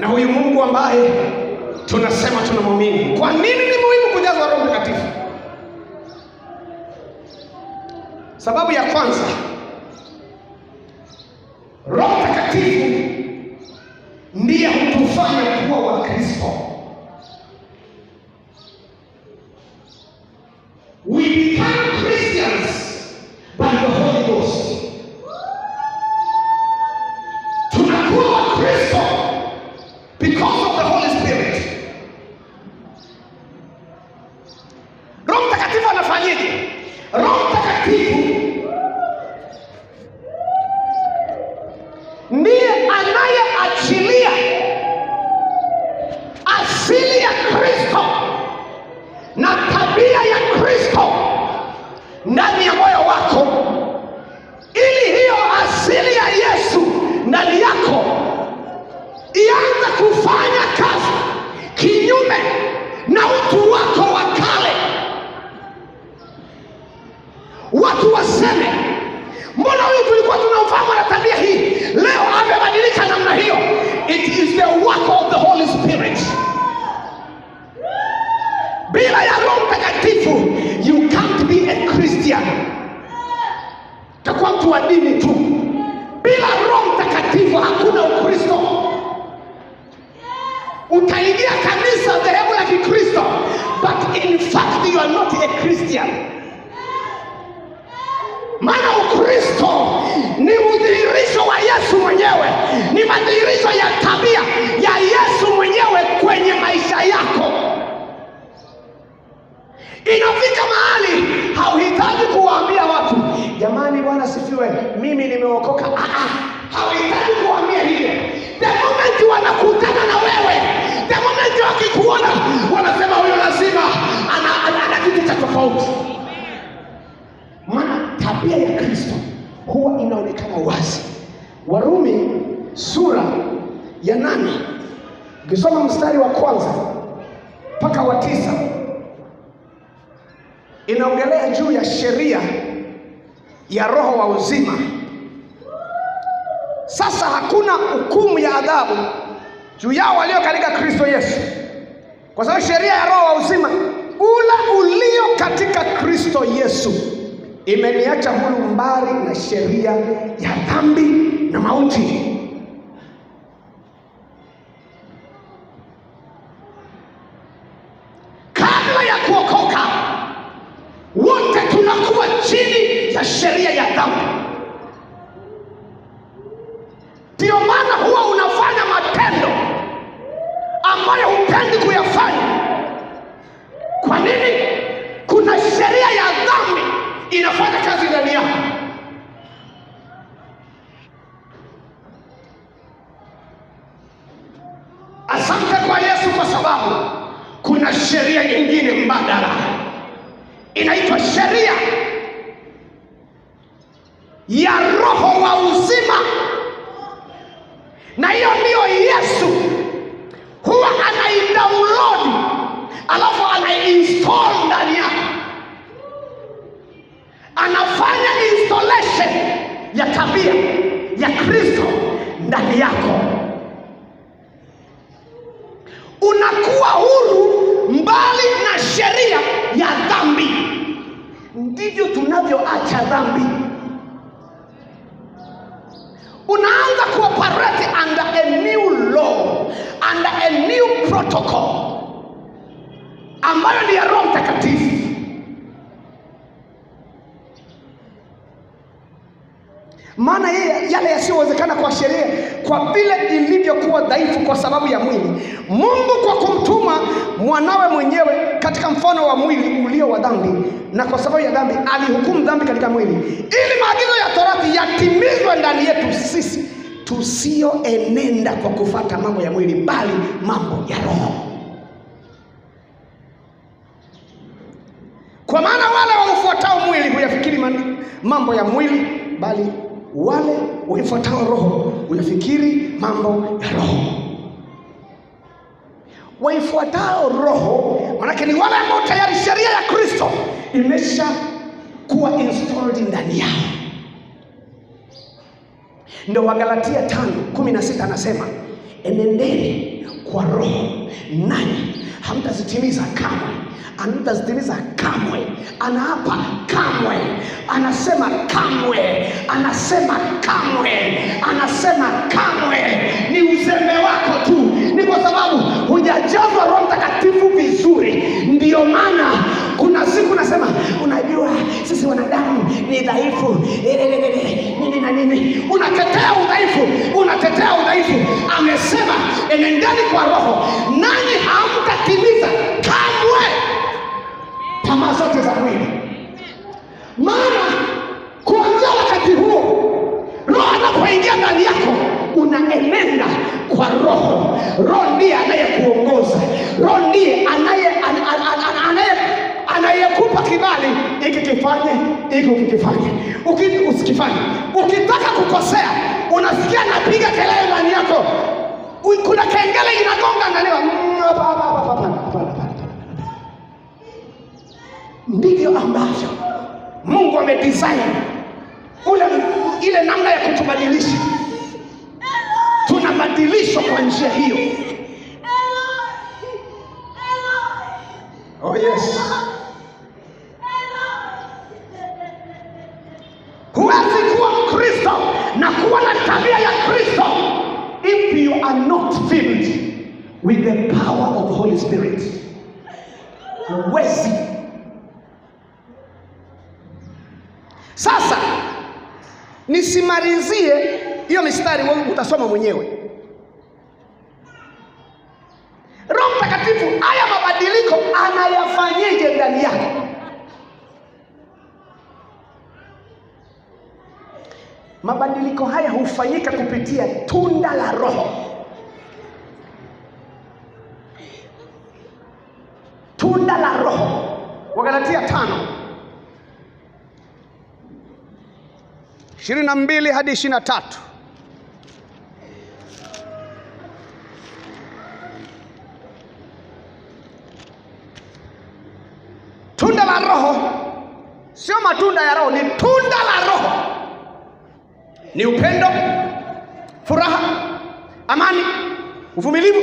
na huyu Mungu ambaye tunasema tunamwamini. Kwa nini ni muhimu kujazwa Roho Mtakatifu? Sababu ya kwanza, Roho Mtakatifu ndiye hutufanya kuwa Wakristo. na tabia ya Kristo ndani ya moyo wako, ili hiyo asili ya Yesu ndani yako ianze kufanya kazi kinyume na utu wako wa kale, watu waseme, mbona huyu tulikuwa tunamfahamu na tabia hii, leo amebadilika namna hiyo. It is the work of the Holy Spirit bila ya Roho Mtakatifu you can't be a Christian, takuwa mtu wa dini tu. Bila Roho Mtakatifu hakuna Ukristo. Utaingia kanisa dhehebu la Kikristo, but in fact you are not a Christian, maana Ukristo ni udhihirisho wa Yesu mwenyewe, ni madhihirisho ya tabia ya Yesu mwenyewe kwenye maisha yako. Inafika mahali hauhitaji kuwaambia watu jamani, bwana sifiwe, mimi nimeokoka. Ah, ah, hauhitaji kuwaambia hivyo. The moment wanakutana na wewe, the moment wakikuona wanasema huyo lazima ana, ana, ana kitu cha tofauti. Maana tabia ya Kristo huwa inaonekana wazi. Warumi sura ya nane ukisoma mstari wa kwanza mpaka wa tisa inaongelea juu ya sheria ya roho wa uzima. Sasa hakuna hukumu ya adhabu juu yao walio katika Kristo Yesu, kwa sababu sheria ya roho wa uzima, ula ulio katika Kristo Yesu, imeniacha huru mbali na sheria ya dhambi na mauti. cha sheria ya dhambi. ndio maana huwa unafanya matendo ambayo hupendi kuyafanya. Kwa nini? Kuna sheria ya dhambi inafanya kazi ndani yako. Asante kwa Yesu, kwa sababu kuna sheria nyingine mbadala inaitwa sheria ya roho wa uzima, na hiyo ndiyo Yesu huwa anaidownload alafu anainstall ndani yako, anafanya installation ya tabia ya Kristo ndani yako, unakuwa huru mbali na sheria ya dhambi. Ndivyo tunavyoacha dhambi unaanza kuoperate under a new law under a new protocol ambayo ni ya roho mtakatifu maana yeye yale yasiyowezekana kwa sheria, kwa vile ilivyokuwa dhaifu kwa sababu ya mwili, Mungu kwa kumtuma mwanawe mwenyewe katika mfano wa mwili ulio wa dhambi, na kwa sababu ya dhambi alihukumu dhambi katika mwili, ili maagizo ya torati yatimizwe ndani yetu sisi tusioenenda kwa kufata mambo ya mwili, bali mambo ya Roho. Kwa maana wale waufuatao mwili huyafikiri mambo ya mwili bali wale waifuatao roho uyafikiri mambo ya roho. Waifuatao roho manake ni wale ambao tayari sheria ya Kristo imesha kuwa installed ndani yao. Ndio Wagalatia tano kumi na sita anasema enendeni kwa roho, nanyi hamtazitimiza kamwe Hamtazitimiza kamwe. Anaapa kamwe, anasema kamwe, anasema kamwe, anasema kamwe. Ni uzembe wako tu, ni kwa sababu hujajazwa Roho Mtakatifu vizuri. Ndiyo maana kuna siku nasema, unajua sisi wanadamu ni dhaifu eh, eh, eh, nini na nini, unatetea udhaifu, unatetea udhaifu. Amesema enendeni kwa Roho, nani hamtatimiza kamwe tamaa zote za mwili, maana kuanzia wakati huo roho anapoingia ndani yako unaenenda kwa roho. Roho ndiye anayekuongoza, roho ndiye anaye anayekupa kibali hiki kifanye hiki ukikifanye ukii usikifanye. Ukitaka kukosea, unasikia napiga kelele ndani yako, kuna kengele inagonga ndani ndivyo ambavyo Mungu amedesign ule ile namna ya kutubadilisha. Tunabadilishwa kwa njia hiyo. Oh yes. Huwezi kuwa Mkristo na kuwa na tabia ya Kristo if you are not filled with the power of the Holy Spirit. Huwezi nisimalizie hiyo mistari, utasoma mwenyewe. Roho Mtakatifu haya mabadiliko anayafanyeje ndani yako? Mabadiliko haya hufanyika kupitia tunda la Roho. ishirini na mbili hadi ishirini na tatu Tunda la Roho sio matunda ya Roho, ni tunda la Roho ni upendo, furaha, amani, uvumilivu,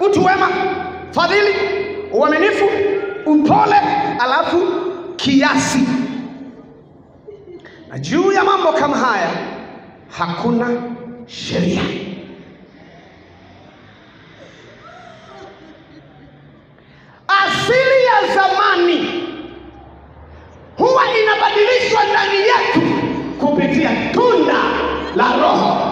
utu wema, fadhili, uaminifu, upole, alafu kiasi. Na juu ya mambo kama haya hakuna sheria. Asili ya zamani huwa inabadilishwa ndani yetu kupitia tunda la Roho.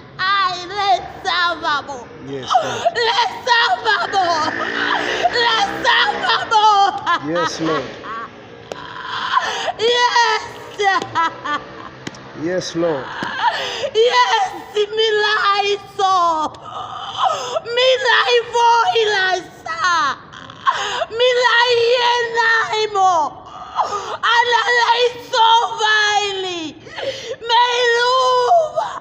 Yes, Lord. Yes, Lord. Yes. Yes, Lord. Yes, mila hizo. Mila hivo ilaza. Mila yenaimo. Ana so hizo vaili.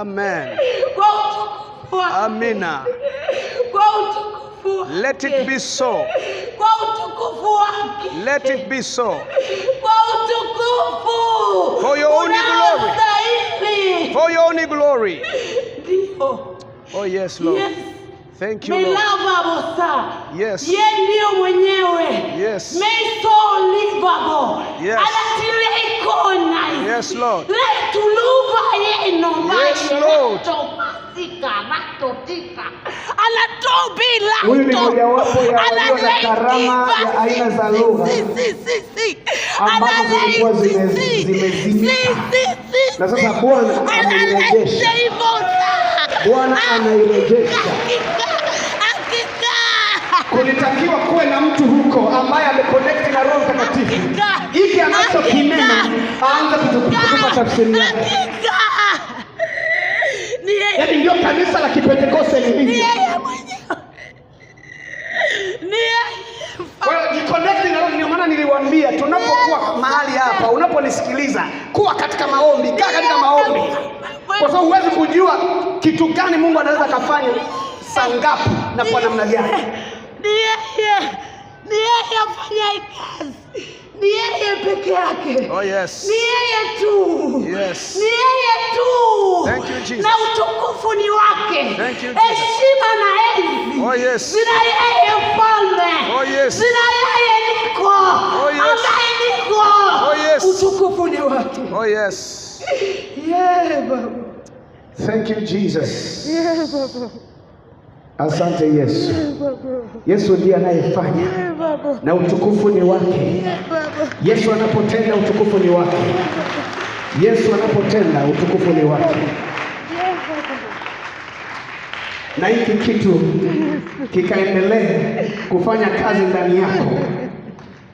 Amen. Amina. Let it be so. Let it be so. For your only glory. For your only glory. Oh, yes, Lord. Thank you, Lord. Yes. Yes. Yes, Lord. Yes, Lord. yeye inomashi matopasika anatoa bila huyu ni mojawapo ya walio na karama ya aina za lugha ambazo zilikuwa zimezimika na sasa Bwana anairejesha Bwana anairejesha kulitakiwa kuwe na mtu huko ambaye ameconnect na Roho Mtakatifu, hiki anachokinena aanze kutupa tafsiri yake yaani ndio kanisa la Kipentekoste lilivyo. Ndio maana niliwaambia tunapokuwa mahali hapa, unaponisikiliza kuwa katika maombi, kaa katika maombi, kwa sababu huwezi kujua kitu gani Mungu anaweza kafanya saa ngapi na kwa namna gani. Ni yeye afanyaye kazi ni yeye peke yake. Oh, yes. Ni yeye tu. Yes. Ni yeye tu. Thank you, Jesus. Na utukufu ni wake. Thank you, Jesus. Heshima na enzi. Oh, yes. Zina yeye mfalme. Oh, yes. Zina yeye niko. Oh, yes. Ambaye niko. Oh, yes. Utukufu ni wake. Oh, yes. Yeah, Baba. Thank you, Jesus. Yeah, Baba. Asante Yesu. Yesu ndiye anayefanya na utukufu ni wake. Yesu anapotenda utukufu ni wake. Yesu anapotenda utukufu ni wake. Na hiki kitu kikaendelea kufanya kazi ndani yako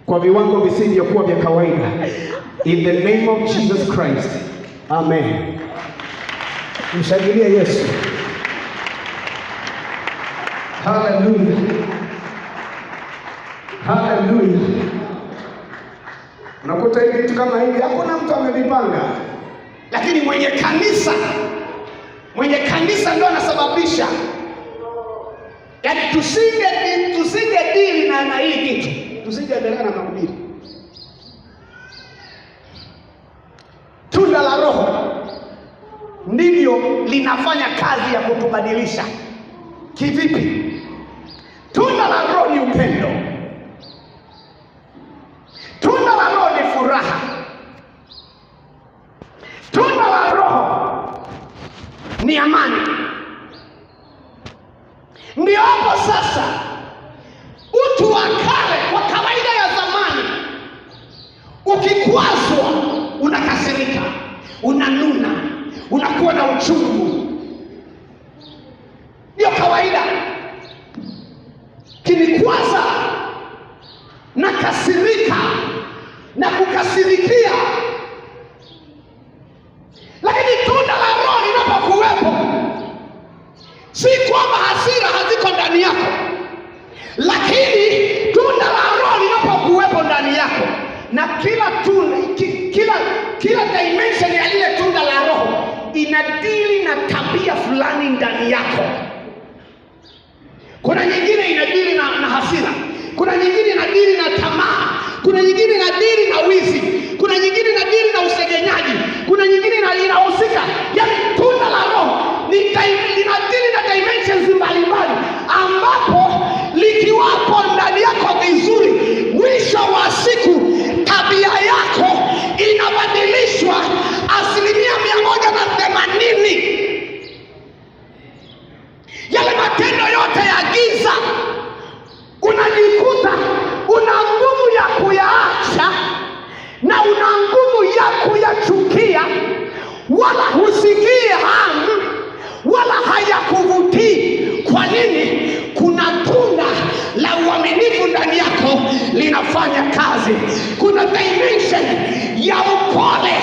kwa viwango visivyokuwa vya kawaida. In the name of Jesus Christ. Amen. Mshangilie Yesu. Hallelujah. Hallelujah. Unakuta hivi vitu kama hivi hakuna mtu amevipanga, lakini mwenye kanisa, mwenye kanisa ndio anasababisha. Yaani tusinge tusinge dili na na hii kitu, tusingeendelea na mahubiri. Tunda la Roho ndivyo linafanya kazi ya kutubadilisha. Kivipi? Tunda la Roho ni upendo, tunda la Roho ni furaha, tunda la Roho ni amani. Ndio hapo sasa, utu wa kale kwa kawaida ya zamani, ukikwazwa unakasirika, unanuna, unakuwa na uchungu inadili na tabia fulani ndani yako. Kuna nyingine inadili na, na hasira. Kuna nyingine inadili na tamaa. Kuna nyingine inadili na wizi. Kuna nyingine inadili na usegenyaji. Kuna nyingine inahusika, yaani tunda la Roho linadili na dimensions mbalimbali, ambapo likiwapo ndani yako vizuri, mwisho wa siku inabadilishwa asilimia mia moja na themanini. Yale matendo yote ya giza unajikuta una nguvu ya kuyaacha na una nguvu ya kuyachukia, wala husikii hamu wala hayakuvutii. Kwa nini? lako linafanya kazi. Kuna dimension ya upole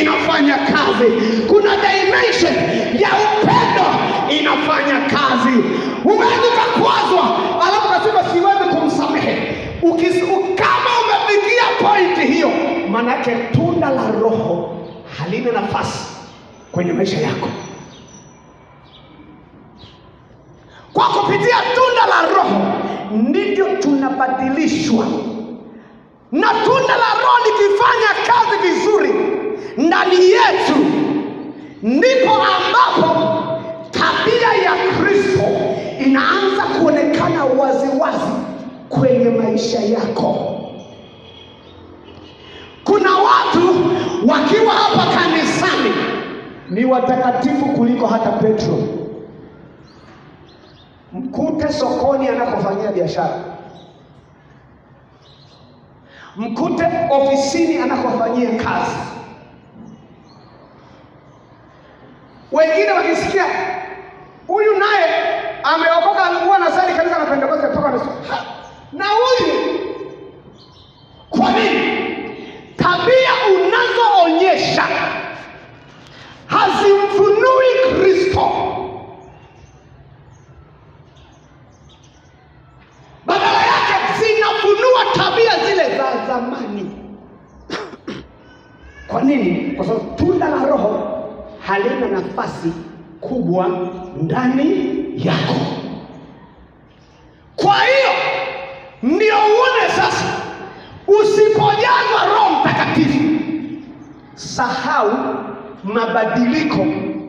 inafanya kazi, kuna dimension ya upendo inafanya kazi. Huwezi ukakwazwa alafu kasema siwezi kumsamehe. Kama umefikia pointi hiyo, manake tunda la Roho halina nafasi kwenye maisha yako. Kwa kupitia tunda la Roho ndivyo tunabadilishwa, na tunda la Roho likifanya kazi vizuri ndani yetu, ndipo ambapo tabia ya Kristo inaanza kuonekana waziwazi wazi kwenye maisha yako. Kuna watu wakiwa hapa kanisani ni watakatifu kuliko hata Petro mkute sokoni anakofanyia biashara, mkute ofisini anakofanyia kazi. Wengine wakisikia huyu naye ameokoka, alikuwa anasali kanisa la Pentekoste mpaka na huyu, kwa nini? Tabia unazoonyesha hazimfunui Kristo. Ondoa tabia zile za zamani. Kwa nini? Kwa sababu tunda la Roho halina nafasi kubwa ndani yako. Kwa hiyo ndio uone sasa, usipojazwa Roho Mtakatifu, sahau mabadiliko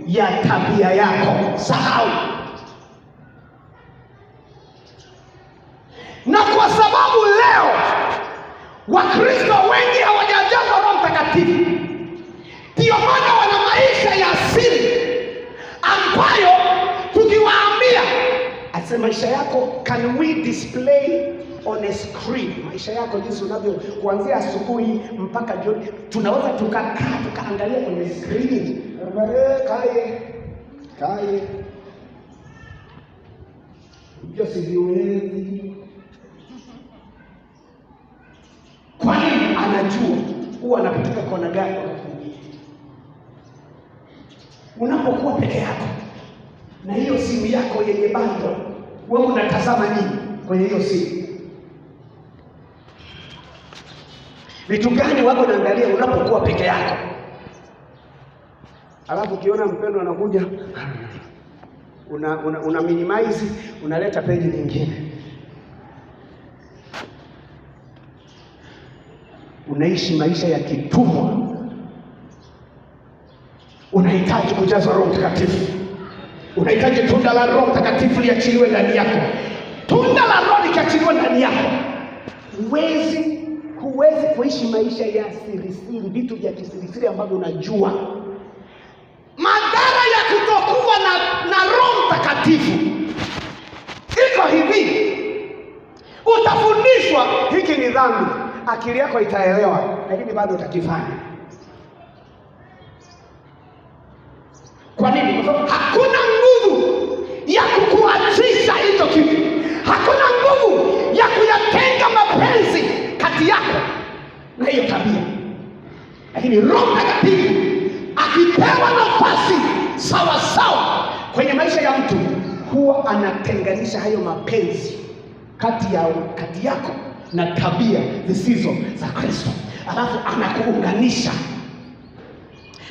ya tabia yako, sahau Wakristo wengi hawajajazwa Roho Mtakatifu, ndio maana wana maisha ya asili ambayo tukiwaambia, ase maisha yako, can we display on a screen, maisha yako jinsi unavyo kuanzia asubuhi mpaka jioni, tunaweza tukakaa tukaangalia kwenye screen kaye kaye, hiyo siviwezi anajua huwa anapitika kona gani unapokuwa peke yako na hiyo simu yako yenye bando, wewe unatazama nini kwenye hiyo simu? Vitu gani wako naangalia unapokuwa peke yako? Alafu ukiona mpendo anakuja una, una, una minimize unaleta peji nyingine unaishi maisha ya kitumwa, unahitaji kujazwa Roho Mtakatifu, unahitaji tunda la Roho Mtakatifu liachiliwe ndani yako. Tunda la Roho likiachiliwe ndani yako, huwezi huwezi kuishi maisha ya sirisiri, vitu vya kisirisiri ambavyo unajua madhara ya kutokuwa na, na Roho Mtakatifu. Iko hivi, utafundishwa hiki ni dhambi akili yako itaelewa, lakini bado utakifanya. Kwa nini? Kwa sababu hakuna nguvu ya kukuachisha hicho kitu, hakuna nguvu ya kuyatenga mapenzi kati yako na hiyo tabia. Lakini Roho Mtakatifu akipewa nafasi sawa sawa kwenye maisha ya mtu, huwa anatenganisha hayo mapenzi kati ya kati yako na tabia zisizo za Kristo, alafu anakuunganisha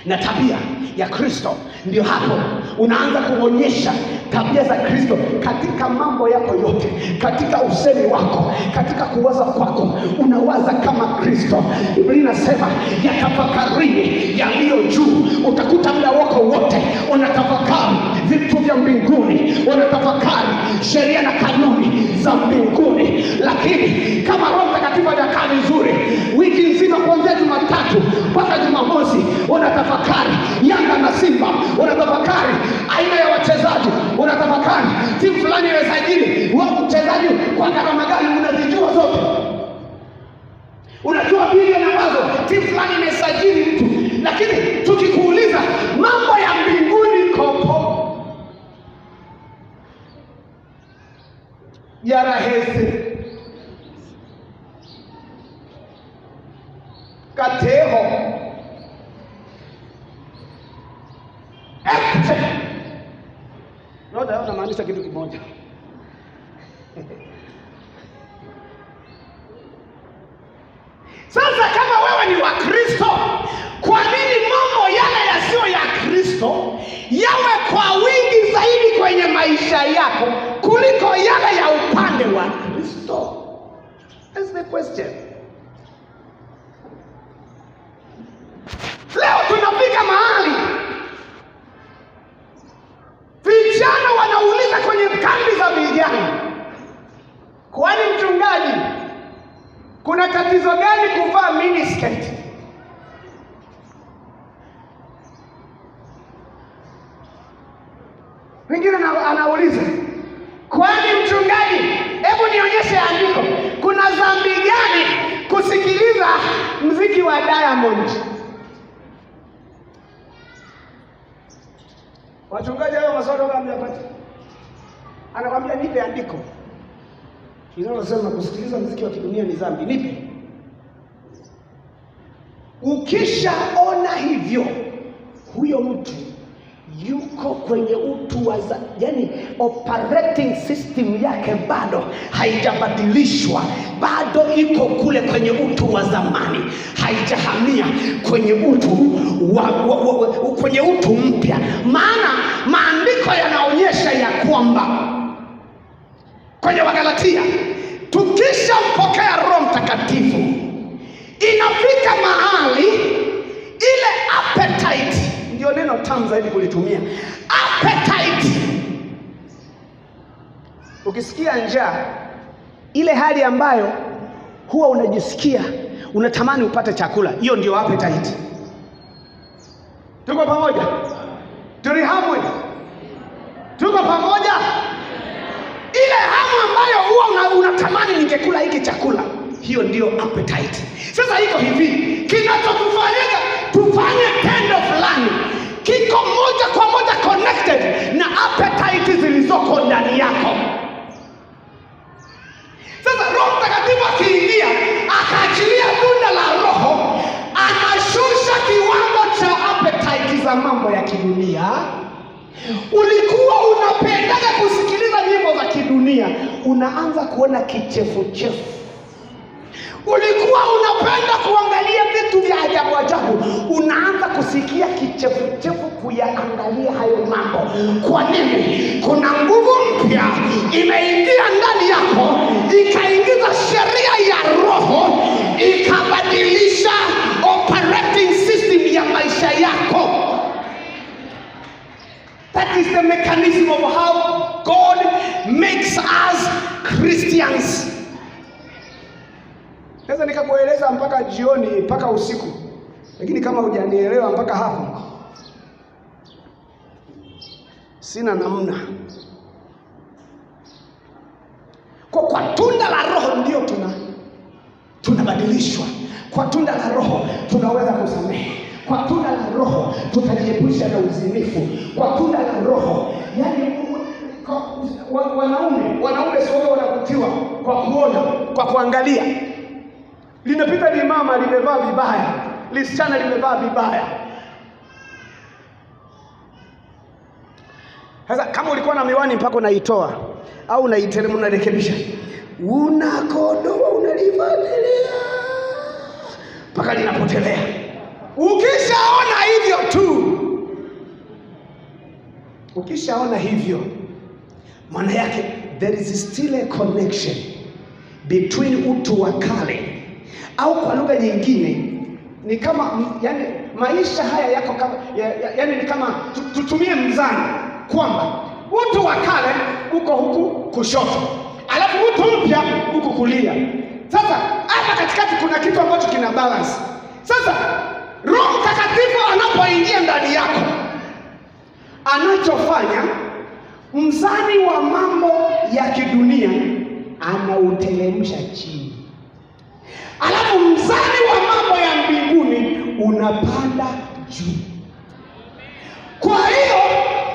na tabia ya Kristo. Ndio hapo unaanza kuonyesha tabia za Kristo katika mambo yako yote, katika usemi wako, katika kuwaza kwako, unawaza kama Kristo. Biblia inasema yatafakarini yaliyo juu. Utakuta muda wako wote unatafakari vitu vya mbinguni, wanatafakari sheria na kanuni za mbinguni. Lakini kama Roho Mtakatifu hajakaa vizuri, wiki nzima kuanzia Jumatatu mpaka Jumamosi wanatafakari Yanga na Simba, wanatafakari aina ya wachezaji, wanatafakari timu fulani imesajili wao mchezaji kwa gharama gani, unazijua zote, unajua bilioni ambazo timu fulani imesajili mtu Para receber kambi za vijana. Kwani mchungaji, kuna tatizo gani kuvaa skirt? tunasema kusikiliza mziki wa kidunia ni dhambi. Nipi? Ukishaona hivyo, huyo mtu yuko kwenye utu wa za, yani operating system yake bado haijabadilishwa, bado iko kule kwenye utu wa zamani, haijahamia kwenye utu wa, wa, wa, wa, kwenye utu mpya. Maana maandiko yanaonyesha ya kwamba kwenye Wagalatia tukisha mpokea Roho Mtakatifu inafika mahali ile appetite, ndio neno tamu zaidi kulitumia appetite. Ukisikia njaa, ile hali ambayo huwa unajisikia unatamani upate chakula, hiyo ndio appetite. Tuko pamoja? hamwe? Tuko pamoja? ile hamu ambayo huwa unatamani ningekula hiki chakula, hiyo ndio appetite. Sasa iko hivi, kinachokufanyika tufanye tendo fulani kiko moja kwa moja connected na appetite zilizoko ndani yako. Sasa Roho Mtakatifu akiingia akaachilia tunda la Roho, anashusha kiwango cha appetite za mambo ya kidunia Ulikuwa unapendaga kusikiliza nyimbo za kidunia, unaanza kuona kichefuchefu. Ulikuwa unapenda kuangalia vitu vya ajabu ajabu, unaanza kusikia kichefuchefu kuyaangalia hayo mambo. Kwa nini? Kuna nguvu mpya imeingia ndani yako, ikaingiza sheria ya roho, ikabadilisha operating system ya maisha yako is the mechanism of how God makes us Christians. Naweza nikakueleza mpaka jioni mpaka usiku, lakini kama hujanielewa mpaka hapo, sina namna. Kwa, kwa tunda la Roho ndio tuna tunabadilishwa. Kwa tunda la Roho tunaweza kusamehe kwa tunda la Roho tutajiepusha na uzinifu, kwa tunda la Roho. Yaani wanaume wanaume sio wanavutiwa kwa kuona, kwa kuangalia. Linapita ni mama limevaa vibaya, lisichana limevaa vibaya. Sasa kama ulikuwa na miwani mpaka unaitoa au unaiteremu unarekebisha, unakodoa unalivalia mpaka linapotelea. Ukishaona hivyo tu, ukishaona hivyo, maana yake there is still a connection between utu wa kale, au kwa lugha nyingine ni kama yani, maisha haya yako kama ya, ya, yani ni kama tutumie mzani kwamba utu wa kale uko huku kushoto, alafu utu mpya huku kulia. Sasa hapa katikati kuna kitu ambacho kina balance sasa Roho Mtakatifu anapoingia ndani yako, anachofanya mzani wa mambo ya kidunia anauteremsha chini, alafu mzani wa mambo ya mbinguni unapanda juu. Kwa hiyo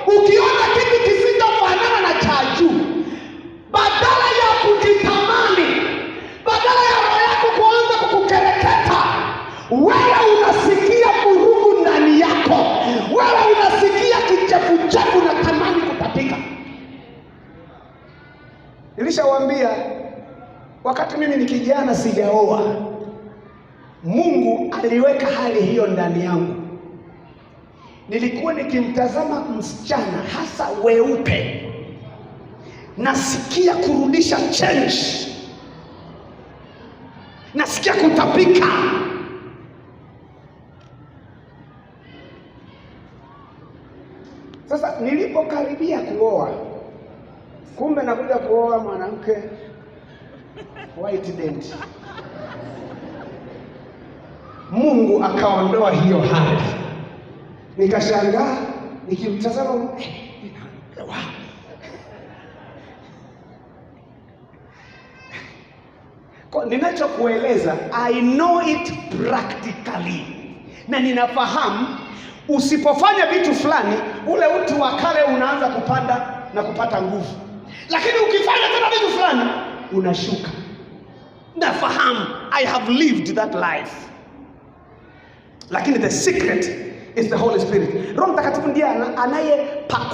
ukiona kitu kisichofanana na cha juu, badala ya kukitamani, badala ya roho yako kuanza kukukereketa wewe chako unatamani kutapika. Nilishawaambia wakati mimi ni kijana sijaoa, Mungu aliweka hali hiyo ndani yangu. Nilikuwa nikimtazama msichana hasa weupe, nasikia kurudisha change, nasikia kutapika Sasa nilipokaribia kuoa, kumbe nakuja kuoa mwanamke white dent. Mungu akaondoa hiyo hali, nikashangaa nikimtazama eh, ninachokueleza I know it practically, na ninafahamu usipofanya vitu fulani ule uti wa kale unaanza kupanda na kupata nguvu, lakini ukifanya tena vitu fulani unashuka. Nafahamu, I have lived that life, lakini the secret is the Holy Spirit. Roho Mtakatifu ndiye anaye